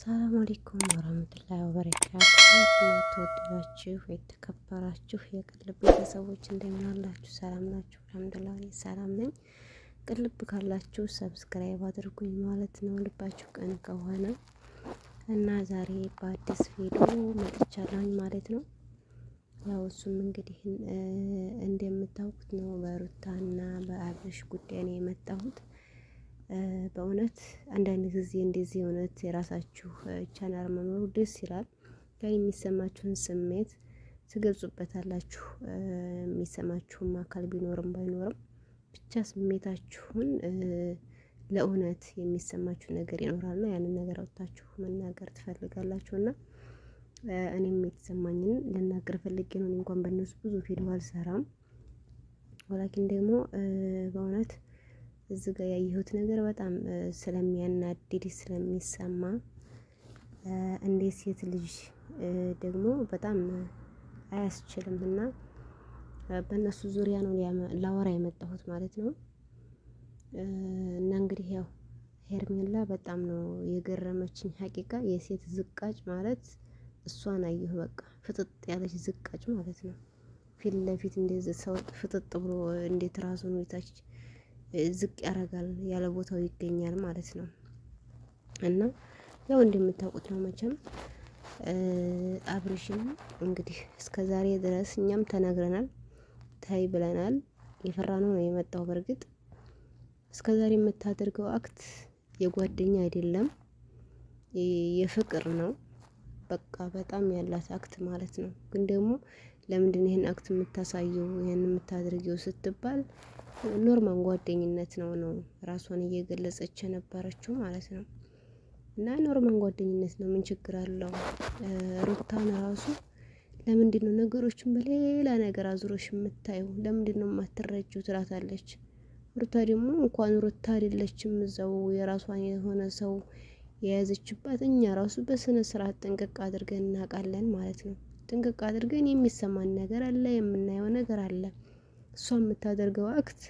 ሰላም አለይኩም ወራህመቱላሂ ወበረካቱ። ተወደዳችሁ የተከበራችሁ የቅልብ ቤተሰቦች እንደምናላችሁ ሰላም ናችሁ? አልሐምዱሊላህ ሰላም ነኝ። ቅልብ ካላችሁ ሰብስክራይብ አድርጉኝ ማለት ነው፣ ልባችሁ ቀን ከሆነ እና ዛሬ በአዲስ ቪዲዮ መጥቻለሁኝ ማለት ነው። ያው እሱም እንግዲህ እንደምታውቁት ነው በሩታና በአብርሽ ጉዳይ ነው የመጣሁት። በእውነት አንዳንድ ጊዜ እንደዚህ እውነት የራሳችሁ ቻናል መኖሩ ደስ ይላል። ያ የሚሰማችሁን ስሜት ትገልጹበታላችሁ። የሚሰማችሁም አካል ቢኖርም ባይኖርም ብቻ ስሜታችሁን ለእውነት የሚሰማችሁ ነገር ይኖራልና ያንን ነገር አውጥታችሁ መናገር ትፈልጋላችሁና እኔም የተሰማኝን ልናገር ፈልጌ ነው። እንኳን በእነሱ ብዙ ቪዲዮ አልሰራም። ወላኪን ደግሞ በእውነት እዚህ ጋር ያየሁት ነገር በጣም ስለሚያናድድ ስለሚሰማ እንደ ሴት ልጅ ደግሞ በጣም አያስችልም እና በእነሱ ዙሪያ ነው ላወራ የመጣሁት ማለት ነው። እና እንግዲህ ያው ሄርሜላ በጣም ነው የገረመችኝ። ሀቂቃ የሴት ዝቃጭ ማለት እሷን አየሁ። በቃ ፍጥጥ ያለች ዝቃጭ ማለት ነው። ፊት ለፊት እንደዚህ ሰው ፍጥጥ ብሎ እንዴት ራሱን ወይታች ዝቅ ያደርጋል፣ ያለ ቦታው ይገኛል ማለት ነው። እና ያው እንደምታውቁት ነው መቼም አብሬሽን እንግዲህ እስከ ዛሬ ድረስ እኛም ተነግረናል፣ ታይ ብለናል። የፈራ ነው ነው የመጣው። በእርግጥ እስከ ዛሬ የምታደርገው አክት የጓደኛ አይደለም የፍቅር ነው። በቃ በጣም ያላት አክት ማለት ነው። ግን ደግሞ ለምንድን ይህን አክት የምታሳየው ይህን የምታደርጊው ስትባል ኖርማን ጓደኝነት ነው ነው ራሷን እየገለጸች የነበረችው ማለት ነው። እና ኖርማን ጓደኝነት ነው ምን ችግር አለው? ሩታን ራሱ ለምንድን ነው ነገሮችን በሌላ ነገር አዙሮሽ የምታየው ለምንድን ነው የማትረጂው ትላታለች። ሩታ ደግሞ እንኳን ሩታ አይደለችም እዛው የራሷን የሆነ ሰው የያዘችባት እኛ ራሱ በስነ ስርዓት ጥንቅቅ አድርገን እናውቃለን ማለት ነው። ጥንቅቅ አድርገን የሚሰማን ነገር አለ፣ የምናየው ነገር አለ። እሷ የምታደርገው አክት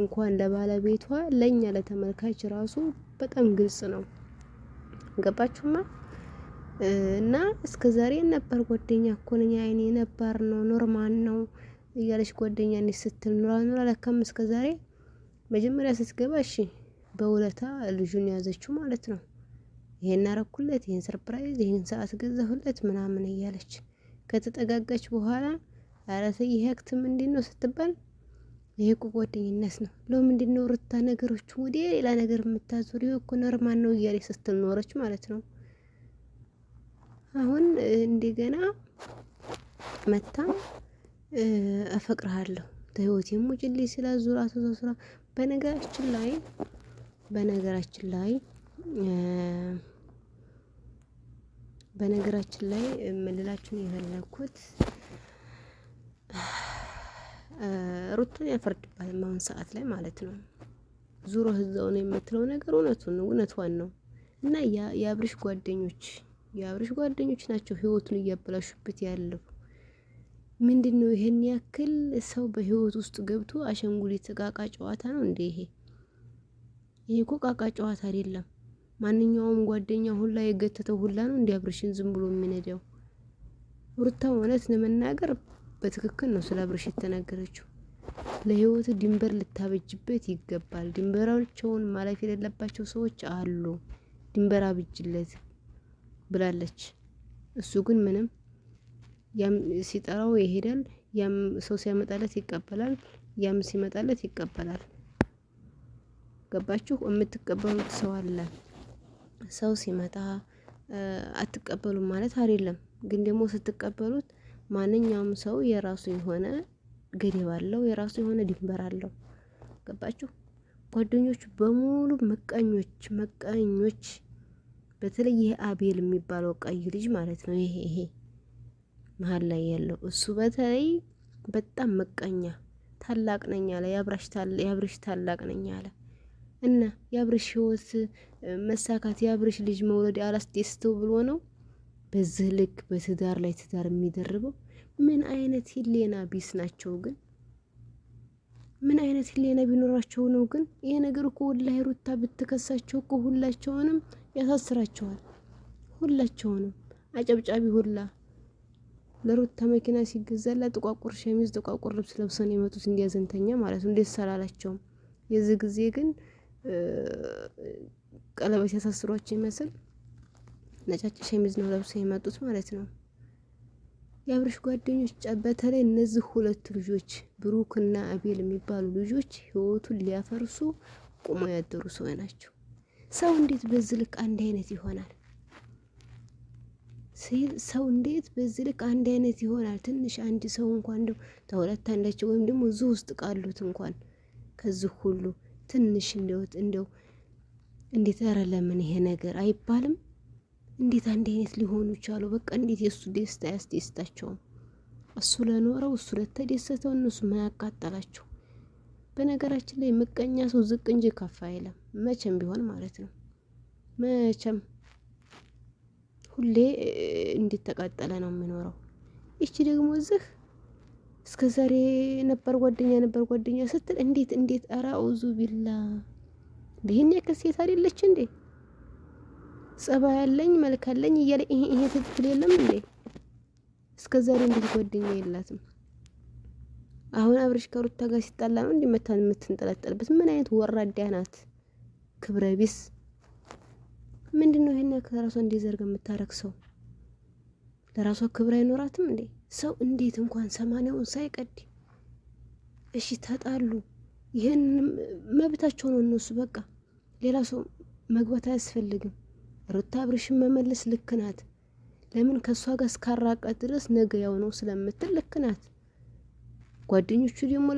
እንኳን ለባለቤቷ ለእኛ ለተመልካች ራሱ በጣም ግልጽ ነው። ገባችሁማ? እና እስከ ዛሬ ነበር ጓደኛ እኮ ነኝ አይኔ ነበር ነው ኖርማል ነው እያለች ጓደኛ ነች ስትል ኑራ ኑራ ለካም እስከ ዛሬ መጀመሪያ ስትገባ እሺ በውለታ ልጁን ያዘችው ማለት ነው። ይሄን አረኩለት፣ ይሄን ሰርፕራይዝ፣ ይሄን ሰዓት ገዛሁለት ምናምን እያለች ከተጠጋጋች በኋላ አረሰ ይሄክት አክት ምንድን ነው ስትባል ይሄ እኮ ጓደኝነት ነው። ለምንድን ነው ሩታ ነገሮች ወደ ሌላ ነገር የምታዞሪው? እኮ ኖርማል ነው እያለ ስትል ኖረች ማለት ነው። አሁን እንደገና መታ እፈቅርሃለሁ ተህይወት የሙጭልኝ ስለ ዙራ ተዘዝራ በነገራችን ላይ በነገራችን ላይ በነገራችን ላይ የምልላችሁ የፈለግኩት ሩቱን ያፈርድባት አሁን ሰዓት ላይ ማለት ነው። ዙሮ ህዛው ነው የምትለው ነገር እውነቱን እውነቷን ነው። እና የአብርሽ ጓደኞች የአብርሽ ጓደኞች ናቸው ህይወቱን እያበላሹበት ያለው። ምንድን ነው ይሄን ያክል ሰው በህይወት ውስጥ ገብቶ አሸንጉሊት እቃቃ ጨዋታ ነው እንዴ? ይሄ ይሄ እኮ እቃቃ ጨዋታ አይደለም። ማንኛውም ጓደኛ ሁላ የገተተው ሁላ ነው እንዲ አብርሽን ዝም ብሎ የሚነዳው። ሩታ እውነት ለመናገር በትክክል ነው ስለ አብርሽ የተናገረችው። ለህይወት ድንበር ልታበጅበት ይገባል። ድንበራቸውን ማለፍ የሌለባቸው ሰዎች አሉ። ድንበር አብጅለት ብላለች። እሱ ግን ምንም ሲጠራው ይሄዳል። ያም ሰው ሲያመጣለት ይቀበላል። ያም ሲመጣለት ይቀበላል። ገባችሁ? የምትቀበሉት ሰው አለ። ሰው ሲመጣ አትቀበሉም ማለት አይደለም። ግን ደግሞ ስትቀበሉት ማንኛውም ሰው የራሱ የሆነ ገደብ አለው፣ የራሱ የሆነ ድንበር አለው። ገባችሁ? ጓደኞቹ በሙሉ መቀኞች መቀኞች፣ በተለይ ይሄ አቤል የሚባለው ቀይ ልጅ ማለት ነው። ይሄ ይሄ መሀል ላይ ያለው እሱ በተለይ በጣም መቀኛ ታላቅ ነኝ አለ። የአብርሽ ታላቅ ነኝ አለ። እና የአብርሽ ህይወት መሳካት የአብርሽ ልጅ መውለድ አላስደስተው ብሎ ነው በዚህ ልክ በትዳር ላይ ትዳር የሚደርበው? ምን አይነት ህሊና ቢስ ናቸው ግን? ምን አይነት ህሊና ቢኖራቸው ነው ግን? ይሄ ነገር እኮ ወላሂ ሩታ ብትከሳቸው እኮ ሁላቸውንም ያሳስራቸዋል። ሁላቸውንም አጨብጫቢ ሁላ ለሩታ መኪና ሲገዛላ ጥቋቁር ሸሚዝ ጥቋቁር ልብስ ለብሰን የመጡት እንዲያዘንተኛ ማለት ነው። እንዴት ሰላላቸውም የዚህ ጊዜ ግን ቀለበት ያሳስሯቸው ይመስል ነጫጭ ሸሚዝ ነው ለብሰው የመጡት ማለት ነው። የአብርሽ ጓደኞች በተለይ እነዚህ ሁለት ልጆች ብሩክና አቤል የሚባሉ ልጆች ህይወቱን ሊያፈርሱ ቁሞ ያደሩ ሰው ናቸው። ሰው እንዴት በዚህ ልክ አንድ አይነት ይሆናል? ሰው እንዴት በዚህ ልክ አንድ አይነት ይሆናል? ትንሽ አንድ ሰው እንኳን እንደው ተሁለት አንዳቸው ወይም ደግሞ እዚህ ውስጥ ቃሉት እንኳን ከዚህ ሁሉ ትንሽ እንደውት እንደው እንዴት ኧረ ለምን ይሄ ነገር አይባልም? እንዴት አንድ አይነት ሊሆኑ ቻሉ? በቃ እንዴት የእሱ ደስታ አያስደስታቸውም? እሱ ለኖረው እሱ ለተደሰተው እነሱ ምን ያቃጠላቸው? በነገራችን ላይ ምቀኛ ሰው ዝቅ እንጂ ከፍ አይለም፣ መቼም ቢሆን ማለት ነው። መቼም ሁሌ ተቃጠለ ነው የሚኖረው። ይቺ ደግሞ እዚህ እስከ ዛሬ ነበር ጓደኛ ነበር ጓደኛ ስትል እንዴት እንዴት ኧረ አውዙ ቢላ ይህን ያክል ሴት አይደለች እንዴ? ጸባ ያለኝ መልክ አለኝ እያለ ይሄ ይሄ ትክክል የለም እንዴ? እስከ ዛሬ እንዴት ጓደኛ የላትም? አሁን አብረሽ ከሩታ ጋር ሲጣላ ነው እንዴ መታን የምትንጠለጠልበት? ምን አይነት ወራዳ ናት? ክብረ ቢስ ምንድን ነው? ይሄን ያክል ራሷ እንዲዘርግ የምታረግ ሰው ለራሷ ክብር አይኖራትም እንዴ? ሰው እንዴት እንኳን ሰማንያውን ሳይቀድ እሺ፣ ተጣሉ። ይህን መብታቸው ነው እነሱ በቃ ሌላ ሰው መግባት አያስፈልግም። ሩታ አብርሽን መመለስ ልክ ናት። ለምን ከእሷ ጋር እስካራቀት ድረስ ነገ ያው ነው ስለምትል ልክ ናት። ጓደኞቹ ደግሞ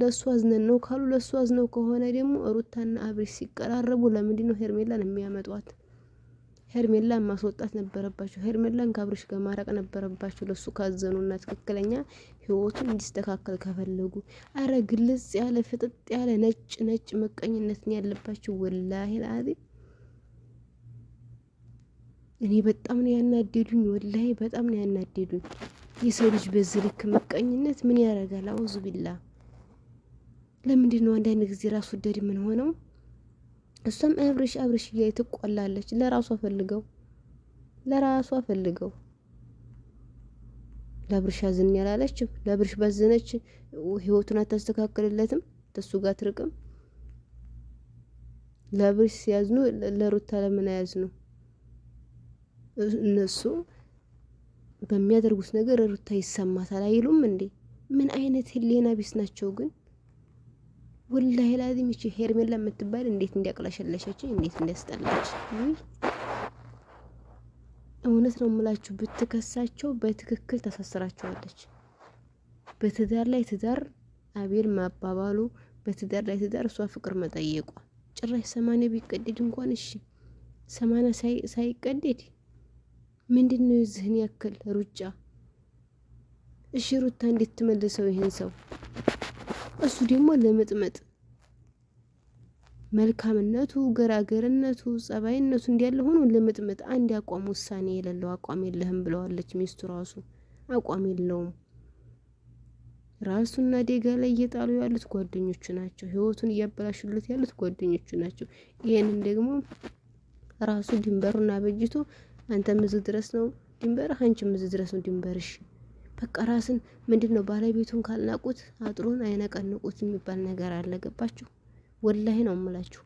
ለእሱ አዝነን ነው ካሉ ለእሱ አዝነው ከሆነ ደግሞ ሩታና አብሪሽ ሲቀራረቡ ለምንድን ነው ሄርሜላን የሚያመጧት? ሄርሜላን ማስወጣት ነበረባቸው። ሄርሜላን ከአብርሽ ጋር ማራቅ ነበረባቸው። ለሱ ካዘኑና ትክክለኛ ህይወቱን እንዲስተካከል ከፈለጉ አረ ግልጽ ያለ ፍጥጥ ያለ ነጭ ነጭ መቀኝነትን ያለባቸው ወላሂ ለአዚ እኔ በጣም ነው ያናደዱኝ። ወላሂ በጣም ነው ያናደዱኝ። የሰው ልጅ በዚህ ልክ ምቀኝነት ምን ያደርጋል? አውዙ ቢላ። ለምንድን ነው አንዳንድ ጊዜ ራስ ወደድ ምን ሆነው እሷም አብርሽ አብርሽ እያይ ትቆላለች። ለራሷ ፈልገው ለራሷ ፈልገው ለብርሽ አዝን ያላለችም ለብርሽ ባዘነች ህይወቱን አታስተካክልለትም፣ ተሱ ጋር ትርቅም ለብርሽ ሲያዝኑ ለሩታ ለምን አያዝኑ? እነሱ በሚያደርጉት ነገር ሩታ ይሰማታል አይሉም እንዴ? ምን አይነት ህሊና ቢስ ናቸው ግን ወላሂ ላዚም ይቺ ሄርሜላ የምትባል እንዴት እንዲያቅለሸለሸች እንዴት እንዲያስጠላች እውነት ነው የምላችሁ። ብትከሳቸው በትክክል ታሳስራቸዋለች። በትዳር ላይ ትዳር አቤል ማባባሉ፣ በትዳር ላይ ትዳር እሷ ፍቅር መጠየቋ ጭራሽ ሰማንያ ቢቀደድ እንኳን እሺ፣ ሰማንያ ሳይቀደድ ምንድን ነው የዚህን ያክል ሩጫ? እሺ ሩታ እንዴት ትመልሰው ይህን ሰው? እሱ ደግሞ ለመጥመጥ መልካምነቱ፣ ገራገርነቱ፣ ጸባይነቱ እንዲያለ ሆኖ ለመጥመጥ አንድ አቋም ውሳኔ የሌለው አቋም የለህም ብለዋለች ሚስቱ። ራሱ አቋም የለውም። ራሱና አደጋ ላይ እየጣሉ ያሉት ጓደኞቹ ናቸው። ህይወቱን እያበላሹለት ያሉት ጓደኞቹ ናቸው። ይህንን ደግሞ ራሱ ድንበሩን አበጅቶ አንተም ምዝ ድረስ ነው ድንበር፣ አንቺ ምዝ ድረስ ነው ድንበርሽ በቃ ራስን ምንድን ነው ባለቤቱን ካልናቁት አጥሩን አይነቀንቁት የሚባል ነገር አለገባችሁ። ወላሂ ነው ምላችሁ።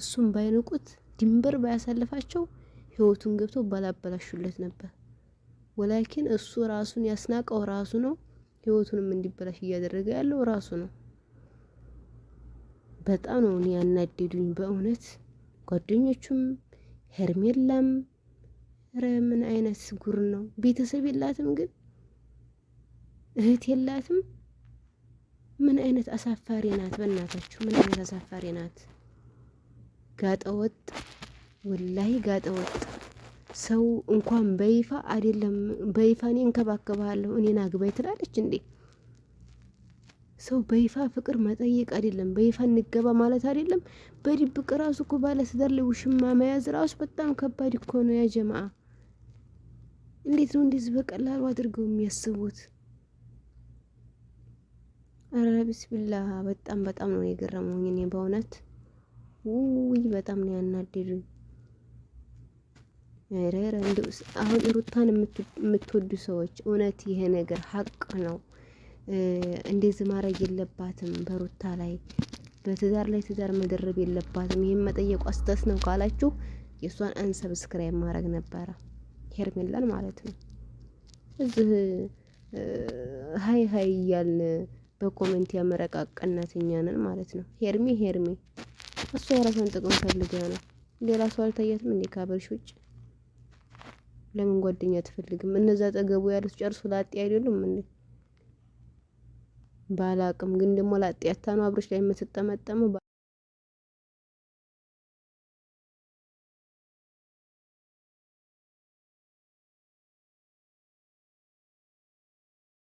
እሱም ባይንቁት ድንበር ባያሳልፋቸው ህይወቱን ገብቶ ባላበላሹለት ነበር። ወላኪን እሱ ራሱን ያስናቀው ራሱ ነው። ህይወቱንም እንዲበላሽ እያደረገ ያለው ራሱ ነው። በጣም ነው ያናደዱኝ በእውነት ጓደኞቹም ሄርሜላም። ኧረ ምን አይነት ጉር ነው! ቤተሰብ የላትም ግን እህት የላትም። ምን አይነት አሳፋሪ ናት! በእናታችሁ ምን አይነት አሳፋሪ ናት! ጋጠወጥ ወላሂ ጋጠወጥ ሰው እንኳን በይፋ አይደለም በይፋ እኔ እንከባከባለሁ እኔን አግባይ ትላለች እንዴ! ሰው በይፋ ፍቅር መጠየቅ አይደለም በይፋ እንገባ ማለት አይደለም። በድብቅ ራሱ እኮ ባለትዳር ላይ ውሽማ መያዝ ራሱ በጣም ከባድ እኮ ነው። ያ ጀማአ እንዴት ነው እንደዚህ በቀላሉ አድርገው የሚያስቡት? ኧረ በጣም በጣም ነው የገረመኝ። እኔ በእውነት ውይ በጣም ነው ያናደዱኝ። ኧረ ኧረ አሁን ሩታን የምትወዱ ሰዎች እውነት ይሄ ነገር ሀቅ ነው፣ እንደዚህ ማድረግ የለባትም በሩታ ላይ በትዳር ላይ ትዳር መደረብ የለባትም። ይህም መጠየቁ ስህተት ነው ካላችሁ የእሷን አንሰብስክራይብ ማድረግ ነበረ፣ ሄርሜላን ማለት ነው። እዚህ ሀይ ሀይ እያልን በኮሜንት ያመረቃቀናት እኛንን ማለት ነው። ሄርሚ ሄርሚ እሷ የራሷን ጥቅም ፈልጋ ነው። ሌላ ሰው አልታያትም እንዴ ከአብርሽ ውጭ? ለምን ጓደኛ አትፈልግም? እነዛ አጠገቡ ያሉት ጨርሶ ላጤ አይደሉም እንዴ? ባላቅም ግን ደግሞ ያታ ነው አብሮች ላይ የምትጠመጠመው።